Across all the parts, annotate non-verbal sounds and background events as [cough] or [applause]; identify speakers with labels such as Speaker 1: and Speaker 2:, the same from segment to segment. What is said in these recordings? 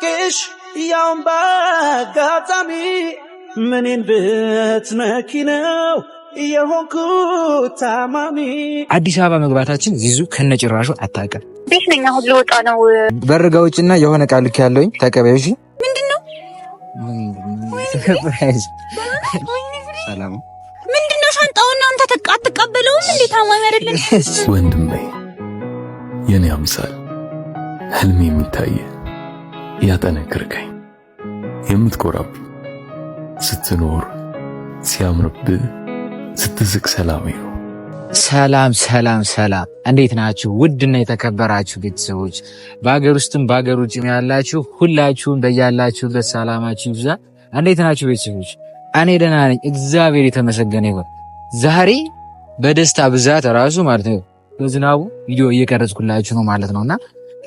Speaker 1: ሳቅሽ ያውም በአጋጣሚ
Speaker 2: ምኔን ብትመኪ ነው የሆንኩ ታማሚ። አዲስ አበባ መግባታችን ዚዙ ከነጭራሹ አታውቅም።
Speaker 1: ቤት ነኝ አሁን ልወጣ ነው።
Speaker 2: በርጋ ውጭና የሆነ ቃል ልክ ያለውኝ ተቀበዩ። እሺ
Speaker 1: ምንድን ነው ምንድን ነው ሻንጣውና አንተ አትቀበለውም እንዴ? ታማሚ አይደለም
Speaker 2: ወንድሜ፣ የኔ አምሳል ህልሜ የሚታየ ያጠነክርከኝ የምትኮራብ ስትኖር ሲያምርብ ስትስቅ ሰላም ነው። ሰላም ሰላም ሰላም፣ እንዴት ናችሁ? ውድና የተከበራችሁ ቤተሰቦች በሀገር ውስጥም በሀገር ውጭም ያላችሁ ሁላችሁም በያላችሁበት ሰላማችሁ ይብዛ። እንዴት ናችሁ ቤተሰቦች? እኔ ደህና ነኝ፣ እግዚአብሔር የተመሰገነ ይሁን። ዛሬ በደስታ ብዛት ራሱ ማለት ነው በዝናቡ ቪዲዮ እየቀረጽኩላችሁ ነው ማለት ነውና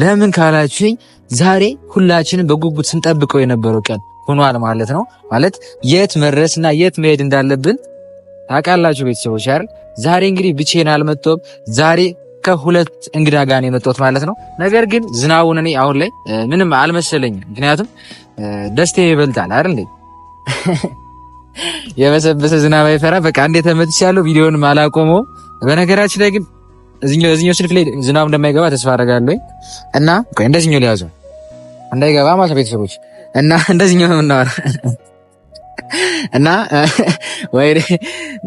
Speaker 2: ለምን ካላችሁኝ ዛሬ ሁላችንም በጉጉት ስንጠብቀው የነበረው ቀን ሆኗል ማለት ነው። ማለት የት መድረስና የት መሄድ እንዳለብን ታውቃላችሁ ቤተሰቦች አይደል? ዛሬ እንግዲህ ብቼን አልመጣሁም። ዛሬ ከሁለት እንግዳ ጋር ነው የመጣሁት ማለት ነው። ነገር ግን ዝናቡን እኔ አሁን ላይ ምንም አልመሰለኝም። ምክንያቱም ደስቴ ይበልጣል አይደል እንዴ? [laughs] የበሰበሰ ዝናብ አይፈራ። በቃ እንዴ ተመትቻለሁ። ቪዲዮን አላቆመውም። በነገራችን ላይ ግን እዚህኛው ስልክ ላይ ዝናብ እንደማይገባ ተስፋ አደርጋለሁ እና እንደዚህኛው ሊያዙ እንዳይገባ ማለት ቤተሰቦች እና [laughs] እንደዚህኛው ነው [laughs] እና [laughs] ወይ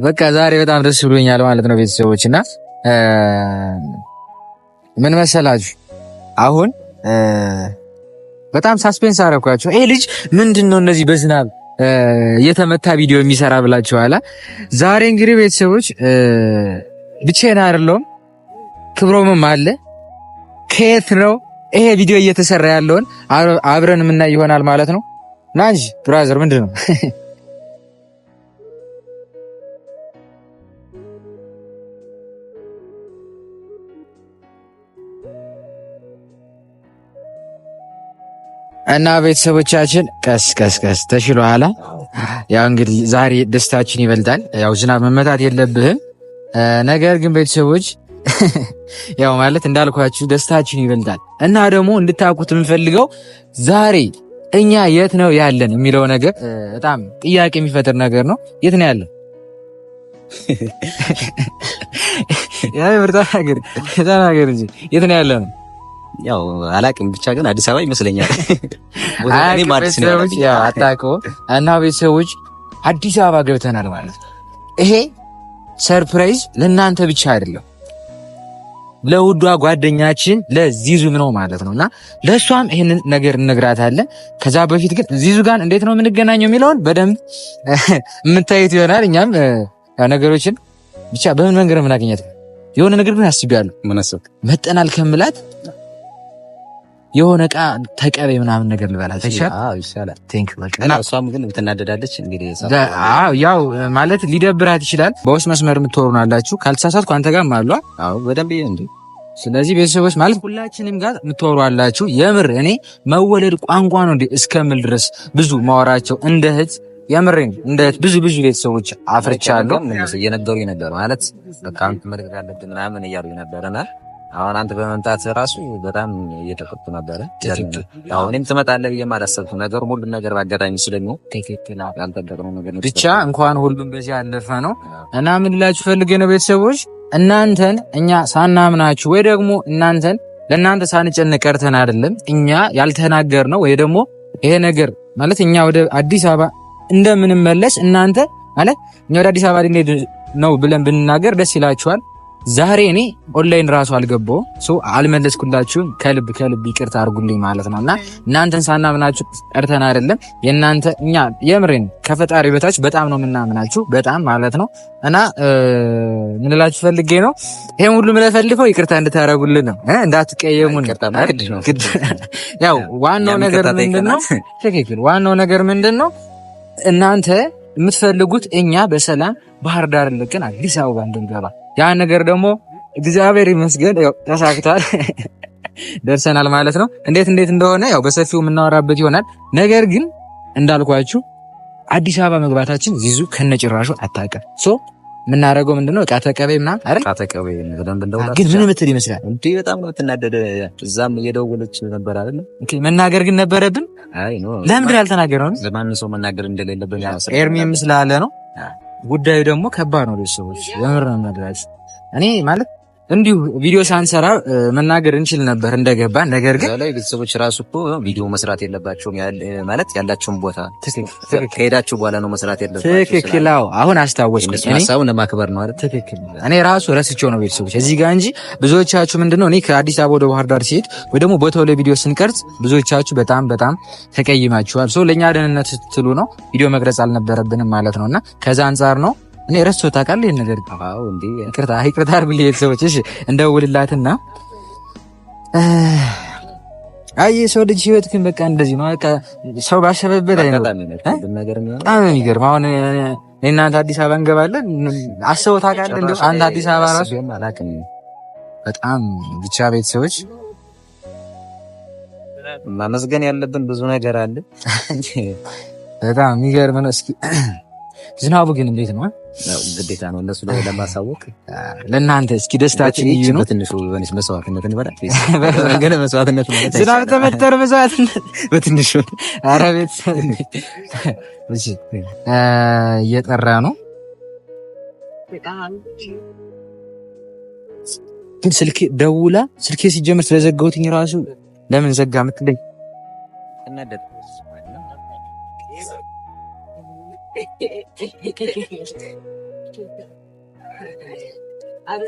Speaker 2: በቃ ዛሬ በጣም ደስ ብሎኛል ማለት ነው ቤተሰቦች። እና ምን መሰላችሁ አሁን በጣም ሳስፔንስ አረኳቸው። ይሄ ልጅ ምንድን ነው እነዚህ በዝናብ የተመታ ቪዲዮ የሚሰራ ብላችኋላ። ዛሬ እንግዲህ ቤተሰቦች ብቻዬን አይደለሁም ክብሮምም አለ። ከየት ነው ይሄ ቪዲዮ እየተሰራ ያለውን አብረን የምናይ ይሆናል ማለት ነው። ና እንጂ ብራዘር፣ ምንድን ነው [laughs] እና ቤተሰቦቻችን ቀስ ቀስ ቀስ ተሽሎ ኋላ ያው እንግዲህ ዛሬ ደስታችን ይበልጣል። ያው ዝናብ መመታት የለብህም። ነገር ግን ቤተሰቦች ያው ማለት እንዳልኳችሁ ደስታችን ይበልጣል እና ደግሞ እንድታውቁት የምፈልገው ዛሬ እኛ የት ነው ያለን የሚለው ነገር በጣም ጥያቄ የሚፈጥር ነገር ነው። የት ነው ያለን? ያው ተናገር ተናገር እንጂ የት ነው ያለን? ያው አላቅም ብቻ ግን አዲስ አበባ ይመስለኛል። [laughs] እና ቤተሰቦች አዲስ አበባ ገብተናል ማለት ነው። ይሄ ሰርፕራይዝ ለእናንተ ብቻ አይደለም ለውዷ ጓደኛችን ለዚዙ ነው ማለት ነው። እና ለእሷም ይህንን ነገር እንነግራታለን። ከዛ በፊት ግን ዚዙ ጋር እንዴት ነው የምንገናኘው የሚለውን በደንብ [laughs] የምታዩት ይሆናል። እኛም ነገሮችን ብቻ በምን መንገድ የምናገኘት የሆነ ነገር ግን አስቤያለሁ። መጠናል ከምላት የሆነ እቃ ተቀበይ ምናምን ነገር ልበላት ያው ማለት ሊደብራት ይችላል። በውስጥ መስመር የምትወሩናላችሁ ናላችሁ ካልተሳሳትኩ አንተ ጋር አሉ በደንብ እንዲ ስለዚህ ቤተሰቦች ማለት ሁላችንም ጋር የምትወሩ አላችሁ። የምር እኔ መወለድ ቋንቋ ነው እስከምል ድረስ ብዙ ማወራቸው እንደ እህት የምሬን እንደ ብዙ ብዙ ቤተሰቦች አፍርቻለሁ። እየነገሩ ነበር ማለት በቃ ምናምን እያሉ ነበረና አሁን አንተ በመምጣት ራሱ በጣም እየተቆጡ ነበረ። እኔም ትመጣለህ ብዬ አላሰብኩም። ነገር ሁሉ ነገር በአጋጣሚ ስለሚሆን ያልጠበቅነው ነገር ብቻ እንኳን ሁሉም በዚህ ያለፈ ነው እና ምን ልላችሁ ፈልጌ ነው ቤተሰቦች፣ እናንተን እኛ ሳናምናችሁ ወይ ደግሞ እናንተን ለእናንተ ሳንጨነቅ ቀርተን አይደለም። እኛ ያልተናገር ነው ወይ ደግሞ ይሄ ነገር ማለት እኛ ወደ አዲስ አበባ እንደምንመለስ እናንተ ማለት እኛ ወደ አዲስ አበባ ልንሄድ ነው ብለን ብንናገር ደስ ይላችኋል። ዛሬ እኔ ኦንላይን ራሱ አልገባው ሰው አልመለስኩላችሁም። ከልብ ከልብ ይቅርታ አድርጉልኝ ማለት ነው እና እናንተን ሳናምናችሁ ቀርተን አይደለም። የእናንተ እኛ የምሬን ከፈጣሪ በታች በጣም ነው የምናምናችሁ በጣም ማለት ነው እና ምንላችሁ ፈልጌ ነው ይሄን ሁሉ ምለፈልፈው ይቅርታ እንድታደርጉልን ነው፣ እንዳትቀየሙን። ያው ዋናው ነገር ምንድን ነው? ዋናው ነገር ምንድን ነው እናንተ የምትፈልጉት እኛ በሰላም ባህር ዳር ልቅን አዲስ አበባ እንድንገባ ያ ነገር ደግሞ እግዚአብሔር ይመስገን ተሳክቷል፣ [laughs] ደርሰናል ማለት ነው። እንዴት እንዴት እንደሆነ ያው በሰፊው የምናወራበት ይሆናል። ነገር ግን እንዳልኳችሁ አዲስ አበባ መግባታችን ዚዙ ከነጭራሹ አታውቅም። የምናደርገው ምንድን ነው? ቃተ ቀበይ ምናምን ምን ምትል ይመስላል እንዴ? በጣም ነው የምትናደደ። እዛም እየደወለች ነበር አይደል? መናገር ግን ነበረብን። ለምድር ኖ ለምንድን ያልተናገረው ለማንም ሰው መናገር እንደሌለብን ኤርሚም ስላለ ነው። ጉዳዩ ደግሞ ከባድ ነው። ቤተሰቦች የምር ነው። እኔ ማለት እንዲሁ ቪዲዮ ሳንሰራ መናገር እንችል ነበር እንደገባ። ነገር ግን ላይ ቤተሰቦች ራሱ እኮ ቪዲዮ መስራት የለባቸውም ማለት ያላቸውን ቦታ ከሄዳችሁ በኋላ ነው መስራት ያለባቸው። ትክክል። አሁን አስታወስኩኝ። ሀሳቡን ለማክበር ነው አይደል? ትክክል። እኔ ራሱ ረስቸው ነው ቤተሰቦች እዚህ ጋር እንጂ ብዙዎቻችሁ ምንድነው እኔ ከአዲስ አበባ ወደ ባህር ዳር ሲሄድ ወይ ደግሞ ቦታው ላይ ቪዲዮ ስንቀርጽ ብዙዎቻችሁ በጣም በጣም ተቀይማችኋል። ሰው ለእኛ ደህንነት ስትሉ ነው ቪዲዮ መቅረጽ አልነበረብንም ማለት ነው እና ከዛ አንጻር ነው እኔ ረስቼው ታውቃለህ ይሄን ነገር። አዎ እንዴ ይቅርታ ይቅርታ አድርግልኝ ቤተሰቦች። እሺ እንደውልላትና አይ የሰው ልጅ ህይወት ግን በቃ እንደዚህ ነው። በቃ ሰው ባሰበበት አይነት በጣም የሚገርም አሁን እኔና አንተ አዲስ አበባ እንገባለን። አስበው ታውቃለህ እንደው አንተ አዲስ አበባ ራሱ በጣም ብቻ ቤተሰቦች ማመስገን ያለብን ብዙ ነገር አለ። በጣም የሚገርም ነው። እስኪ ዝናቡ ግን እንዴት ነው? ግዴታ ነው እነሱ ለማሳወቅ ለእናንተ እስኪ ደስታችን እዩ ነው። በትንሹ መስዋዕትነት እንበላል። [laughs] መስዋዕትነት ዝናብ ተመተር መስዋዕትነት [laughs] በትንሹ ኧረ [laughs] ቤተሰብ እየጠራ ነው። ግን ስልኬ ደውላ ስልኬ ሲጀምር ስለዘጋሁትኝ ራሱ ለምን ዘጋ ምትለኝ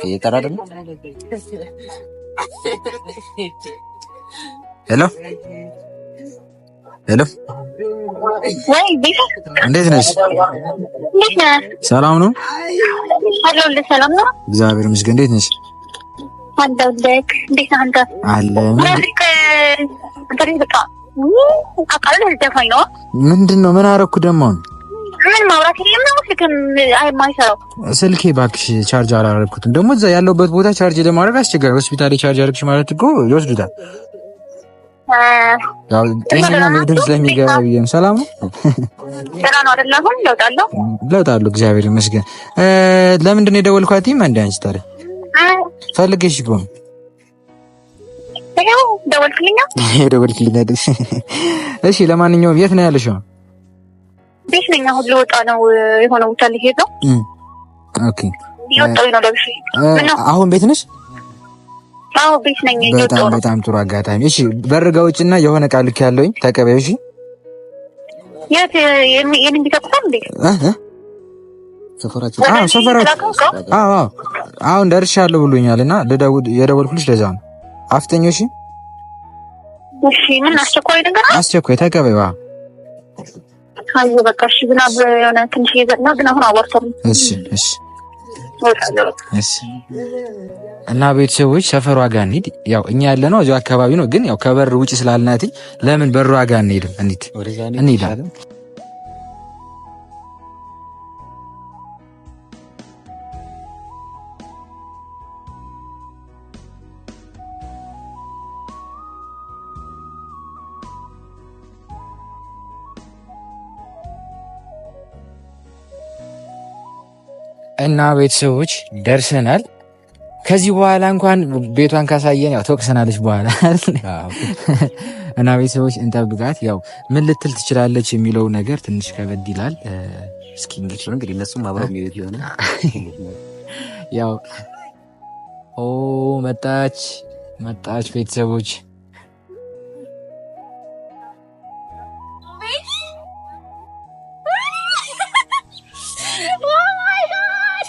Speaker 2: እየጠራ አይደለ? ሄሎ ሄሎ፣ እንዴት ነሽ? ሰላም ነው? እግዚአብሔር ይመስገን። እንዴት ነሽ? ምንድን ነው? ምን አደረኩ ደግሞ?
Speaker 1: ምን ማውራት የለም ስልክም አይማይሰራው
Speaker 2: ስልኬ እባክሽ ቻርጅ አላረግኩትም። ደግሞ እዛ ያለውበት ቦታ ቻርጅ ለማድረግ አስቸጋሪ። ሆስፒታል ቻርጅ አረግሽ ማለት እኮ ይወስዱታል። ጤና ምግድም ስለሚገባ ብዬ ሰላም ነው ለውጣለሁ። እግዚአብሔር ይመስገን። ለምንድን ነው የደወልኳት? አንድ አንቺ ታዲያ ፈልጌሽ እኮ ነው ደወልክልኛ። ደወልክልኛ። እሺ፣ ለማንኛውም የት ነው ያለሽው?
Speaker 1: ቤት ነኝ። አሁን ልወጣ ነው። የሆነ ቦታ ልሄድ ነው። ኦኬ፣ እየወጣሁኝ ነው። ለብሼ አሁን ቤት ነሽ? አዎ፣ ቤት ነኝ።
Speaker 2: በጣም በጣም ጥሩ አጋጣሚ። እሺ፣ በር ጋ ውጭና የሆነ ቃል ልክ ያለውኝ ተቀበዩ። እሺ፣
Speaker 1: የት የምን ተቆም ቤት
Speaker 2: ሰፈራችሁ? አሁን ደርሻለሁ ብሎኛል እና የደወልኩልሽ ለዛ ነው። አፍጠኞ። እሺ፣
Speaker 1: እሺ። ምን አስቸኳይ ነገር?
Speaker 2: አስቸኳይ ተቀበዩ።
Speaker 1: አየሁ በቃ እሺ ብላ የሆነ ትንሽ ግን አሁን
Speaker 2: እሺ እሺ እና ቤተሰቦች ሰፈሯ ጋር እንሂድ። ያው እኛ ያለ ነው እዚሁ አካባቢ ነው፣ ግን ያው ከበር ውጭ ስላልናትኝ ለምን በሯ ጋር እንሂድም እንሂድ እንሂዳለን እና ቤተሰቦች ደርሰናል። ከዚህ በኋላ እንኳን ቤቷን ካሳየን ያው ተወቅሰናለች በኋላ [laughs] እና ቤተሰቦች እንጠብቃት። ያው ምን ልትል ትችላለች የሚለው ነገር ትንሽ ከበድ ይላል። እስኪ እንግዲህ እነሱም አብረው የሚሄድ ይሆናል። [laughs] ያው ኦ መጣች መጣች ቤተሰቦች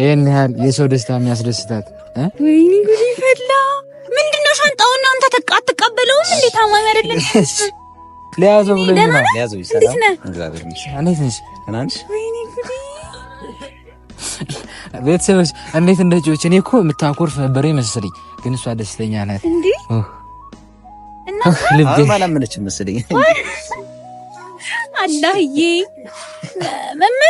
Speaker 2: ይህን ያህል የሰው ደስታ የሚያስደስታት
Speaker 1: ወይኔ ጉድ ይፈላ። ምንድን ነው ሻንጣውን አንተ አትቀበለውም? [laughs] እንዴት ታማሚ አይደለም?
Speaker 2: ሊያዘው ብሎ ሊያዘው ቤተሰቦች እንዴት እንደጮች። እኔ እኮ የምታኮርፍ ነበር መሰለኝ፣ ግን እሷ ደስተኛ ናት። ልቤ አላመነችም መሰለኝ።
Speaker 1: አላህዬ መመ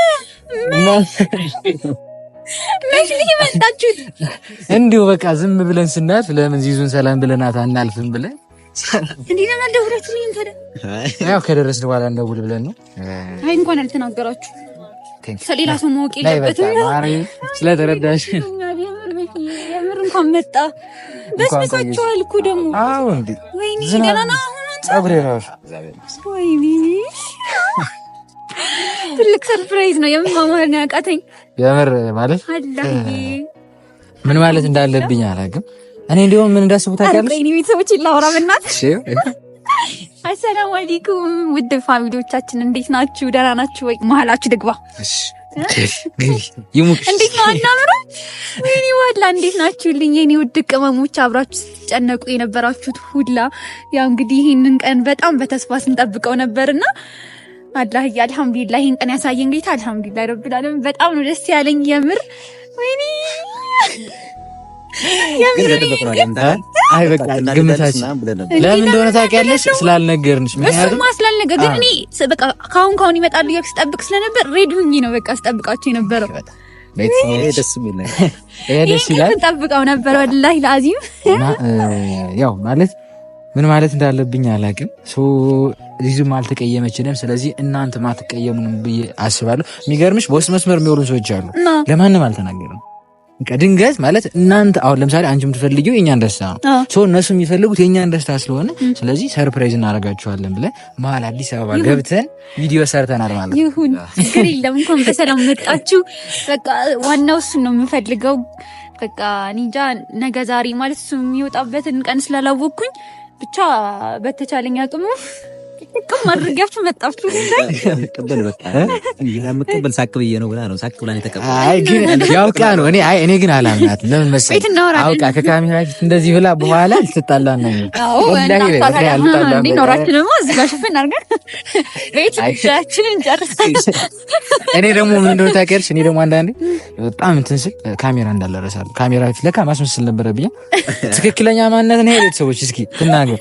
Speaker 2: እንዲሁ በቃ ዝም ብለን ስናት ለምን ዚዙን ሰላም ብለናት አናልፍም ብለን ያው ከደረስን በኋላ እንደውል ብለን ነው።
Speaker 1: አይ እንኳን አልተናገራችሁ ከሌላ ሰው ማወቅ
Speaker 2: የለበትም። ስለተረዳሽ
Speaker 1: የምር እንኳን መጣ በስንኳቸዋል እኮ ደግሞ ወይኔ ገና ነው
Speaker 2: ፀጉሬ እራሱ
Speaker 1: ወይኔ ትልቅ ሰርፕራይዝ ነው የምማማር ያቃተኝ
Speaker 2: የምር ማለት ምን ማለት እንዳለብኝ አላውቅም። እኔ እንዲሁም ምን እንዳስቡ ታውቂያለሽ?
Speaker 1: እኔ ቤተሰቦች ላወራ ምናት አሰላሙ አለይኩም ውድ ፋሚሊዎቻችን እንዴት ናችሁ? ደህና ናችሁ ወይ? መሀላችሁ ድግባ እንዴት ነው አናምረ ወይኔ ዋላ እንዴት ናችሁልኝ? የኔ ውድ ቅመሞች አብራችሁ ስትጨነቁ የነበራችሁት ሁላ ያው እንግዲህ ይህንን ቀን በጣም በተስፋ ስንጠብቀው ነበርና አላህዬ አልሐምዱሊላህ ይህን ቀን ያሳየን ጌታ አልሐምዱሊላህ ረብል በጣም ነው ደስ ያለኝ የምር ወይኔ ለምን
Speaker 2: እንደሆነ ታውቂያለሽ? ስላልነገርንሽ
Speaker 1: እሱማ ስላልነገር ግን እኔ በቃ ካሁን ካሁን ይመጣሉ እያልኩ ስጠብቅ ስለነበር ሬዲ ሁኚ ነው በቃ ስጠብቃቸው የነበረው።
Speaker 2: ደስ የሚል ነገር ይሄ
Speaker 1: ነበር ወላሂ ለአዚም
Speaker 2: [laughs] ያው ማለት ምን ማለት እንዳለብኝ አላቅም። ሪዝም አልተቀየመችንም። ስለዚህ እናንተ ማትቀየሙንም ብዬ አስባለሁ። የሚገርምሽ በውስጥ መስመር የሚወሩ ሰዎች አሉ። ለማንም አልተናገርም። ድንገት ማለት እናንተ አሁን ለምሳሌ አንቺ የምትፈልጊው የእኛን ደስታ ነው፣ እነሱ የሚፈልጉት የእኛን ደስታ ስለሆነ ስለዚህ ሰርፕራይዝ እናደርጋቸዋለን ብለን መሀል አዲስ አበባ ገብተን ቪዲዮ ሰርተናል ማለት ነው።
Speaker 1: ይሁን ችግር የለም እንኳን በሰላም መጣችሁ። በቃ ዋናው እሱን ነው የምፈልገው። በቃ እኔ እንጃ ነገ ዛሬ ማለት እሱ የሚወጣበትን ቀን ስላላወቅኩኝ ብቻ በተቻለኝ አቅሙ ቅም አድርጋችሁ መጣችሁ።
Speaker 2: ቅበል በቃ እኔ በኋላ ልትጣላ ደግሞ ካሜራ ፊት ለካ ማስመስል ነበረብኝ። ትክክለኛ ማንነት ነው። ቤተሰቦች እስኪ ትናገር።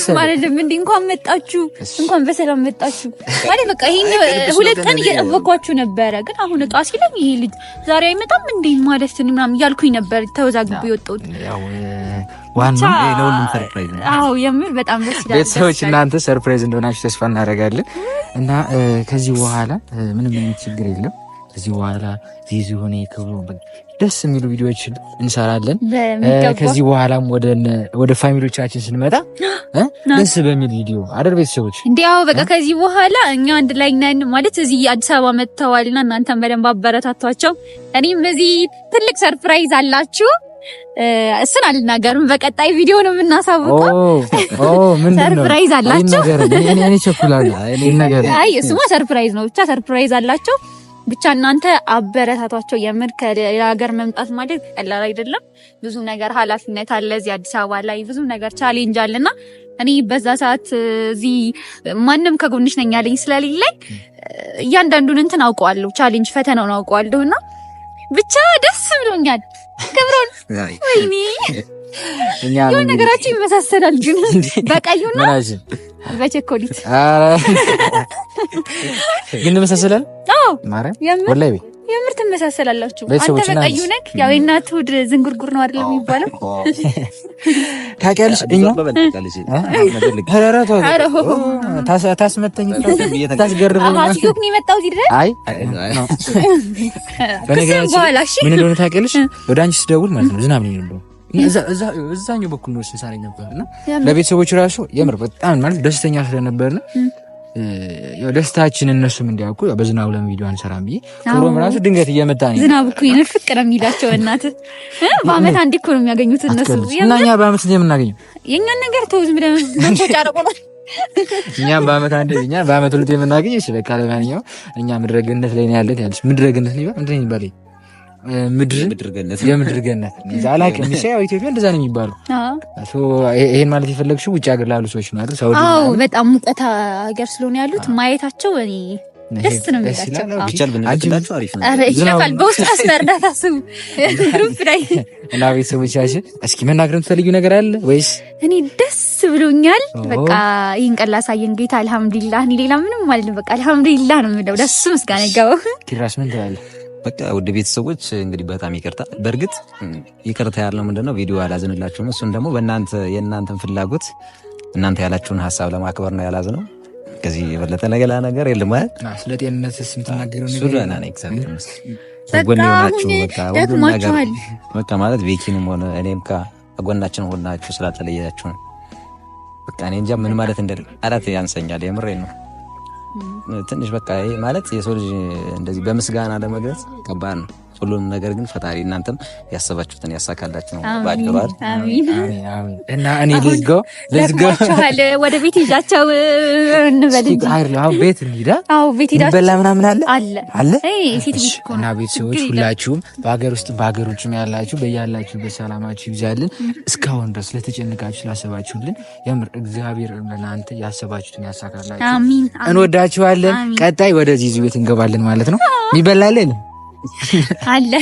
Speaker 1: ምንም አይደለም። እንዴ እንኳን መጣችሁ፣ እንኳን በሰላም መጣችሁ ማለት በቃ ይሄን ሁለት ቀን እየጠበኳችሁ ነበረ። ግን አሁን እጣ ሲለኝ ይሄ ልጅ ዛሬ አይመጣም እንዴ ማለት ምናምን እያልኩኝ ነበር። ተወዛግቦ የወጣሁት
Speaker 2: ዋናው
Speaker 1: የምር በጣም ደስ ይላል።
Speaker 2: ቤተሰቦች እናንተ ሰርፕራይዝ እንደሆናችሁ ተስፋ እናደርጋለን እና ከዚህ በኋላ ምንም አይነት ችግር የለም። ከዚህ በኋላ ዚዙ ሆነ ክብሩ ደስ የሚሉ ቪዲዮዎች እንሰራለን። ከዚህ በኋላም ወደ ፋሚሊዎቻችን ስንመጣ ደስ በሚል ቪዲዮ አደር ቤተሰቦች
Speaker 1: እንዲያው በቃ ከዚህ በኋላ እኛ አንድ ላይ ነን ማለት እዚህ አዲስ አበባ መጥተዋልና እናንተን በደንብ አበረታቷቸው። እኔም እዚህ ትልቅ ሰርፕራይዝ አላችሁ። እሱን አልናገርም። በቀጣይ ቪዲዮ ነው የምናሳውቀው። ሰርፕራይዝ አላቸው። እሱማ ሰርፕራይዝ ነው ብቻ ሰርፕራይዝ አላቸው። ብቻ እናንተ አበረታቷቸው። የምር ከሌላ ሀገር መምጣት ማደግ ቀላል አይደለም። ብዙ ነገር ኃላፊነት አለ እዚህ አዲስ አበባ ላይ ብዙ ነገር ቻሌንጅ አለና እኔ በዛ ሰዓት እዚህ ማንም ከጎንሽ ነኝ ያለኝ ስለሌለኝ እያንዳንዱን እንትን አውቀዋለሁ፣ ቻሌንጅ ፈተናውን አውቀዋለሁ እና ብቻ ደስ ብሎኛል። ክብሮን ወይኔ የሆነ ነገራቸው ይመሳሰላል፣ ግን በቀዩና በቸኮሊት
Speaker 2: ግን እንመሳሰላለን።
Speaker 1: የምር ትመሳሰላላችሁ። አንተ በቀዩ ያው ዝንጉርጉር ነው አይደለም የሚባለው።
Speaker 2: ታውቂያለሽ እኛ ታስመተኝ ታስገርበኝ። አይ ምን እንደሆነ ታውቂያለሽ። ወደ አንቺ ስደውል ማለት ነው ዝናብ ነው እዛኛው በኩል ነው ሲሳሪ ነበር እና ለቤተሰቦች ራሱ የምር በጣም ማለት ደስተኛ ስለነበርና ደስታችን እነሱም እንዲያውቁ በዝናቡ ለሚዲዮ አንሰራም ብዬ ክብሮም ራሱ ድንገት እየመጣ ነው።
Speaker 1: ዝናብ እኮ ንፍቅ ነው የሚላቸው እናት በአመት አንዴ እኮ ነው የሚያገኙት እነሱ
Speaker 2: እና እኛ በአመት የምናገኘው
Speaker 1: የእኛን ነገር ተው ዝም ብለን ጫረቆ ነው
Speaker 2: እኛም በአመት አንድ እኛ በአመት ሁለት የምናገኝ በቃ ለማንኛውም እኛ ምድረግነት ላይ ነው ያለን ያለች ምድረግነት ነው ይባል ምንድን ይባል የምድር ገነት አላውቅም። ብቻ ያው ኢትዮጵያ እንደዛ ነው የሚባለው። ይሄን ማለት የፈለግሽው ውጭ ሀገር ላሉ ሰዎች ነው አይደል?
Speaker 1: በጣም ሙቀት ሀገር ስለሆነ ያሉት ማየታቸው ደስ ነው አስመርዳት አስቡ። ግሩፕ
Speaker 2: እስኪ መናገር የምትፈልጊው ነገር አለ ወይስ?
Speaker 1: እኔ ደስ ብሎኛል። በቃ ይህን ቀን ላሳየን ጌታ አልሐምዱሊላህ። እኔ ሌላ ምንም ማለት ነው። በቃ አልሐምዱሊላህ ነው የምለው። ደስ ምስጋና ይገባው።
Speaker 2: ኪራስ ምን ትላለህ? በቃ ውድ ቤተሰቦች እንግዲህ በጣም ይቅርታ። በእርግጥ ይቅርታ ያለው ምንድነው ቪዲዮ አላዝንላችሁም። እሱን ደግሞ በእናንተ የእናንተን ፍላጎት እናንተ ያላችሁን ሀሳብ ለማክበር ነው ያላዝ ነው። ከዚህ የበለጠ ነገላ ነገር የለም። ስለ ጤንነት የምትናገረው ነገር በቃ ማለት ቤኪንም ሆነ እኔም ከጎናችን ሆናችሁ ስላልተለያችሁ በቃ እኔ እንጃ ምን ማለት እንደ አላት ያንሰኛል። የምሬ ነው ትንሽ በቃ ማለት የሰው ልጅ እንደዚህ በምስጋና ለመግለጽ ከባድ ነው። ሁሉንም ነገር ግን ፈጣሪ እናንተም ያሰባችሁትን ያሳካላችሁ ነው። እና እኔ ልዝጎ ልዝጎ
Speaker 1: ወደ ቤት ይዛቸው እንበል እንጂ ቤት እንሂዳ ቤት
Speaker 2: በላ ምናምን አለ አለ አለ እና ቤተሰቦች ሁላችሁም በሀገር ውስጥ በሀገር ውጭ ያላችሁ በያላችሁ በሰላማችሁ ይብዛልን። እስካሁን ድረስ ለተጨንቃችሁ ስላሰባችሁልን የምር እግዚአብሔር ለእናንተ ያሰባችሁትን ያሳካላችሁ። እንወዳችኋለን። ቀጣይ ወደዚህ ቤት እንገባለን ማለት ነው። ይበላልን
Speaker 1: على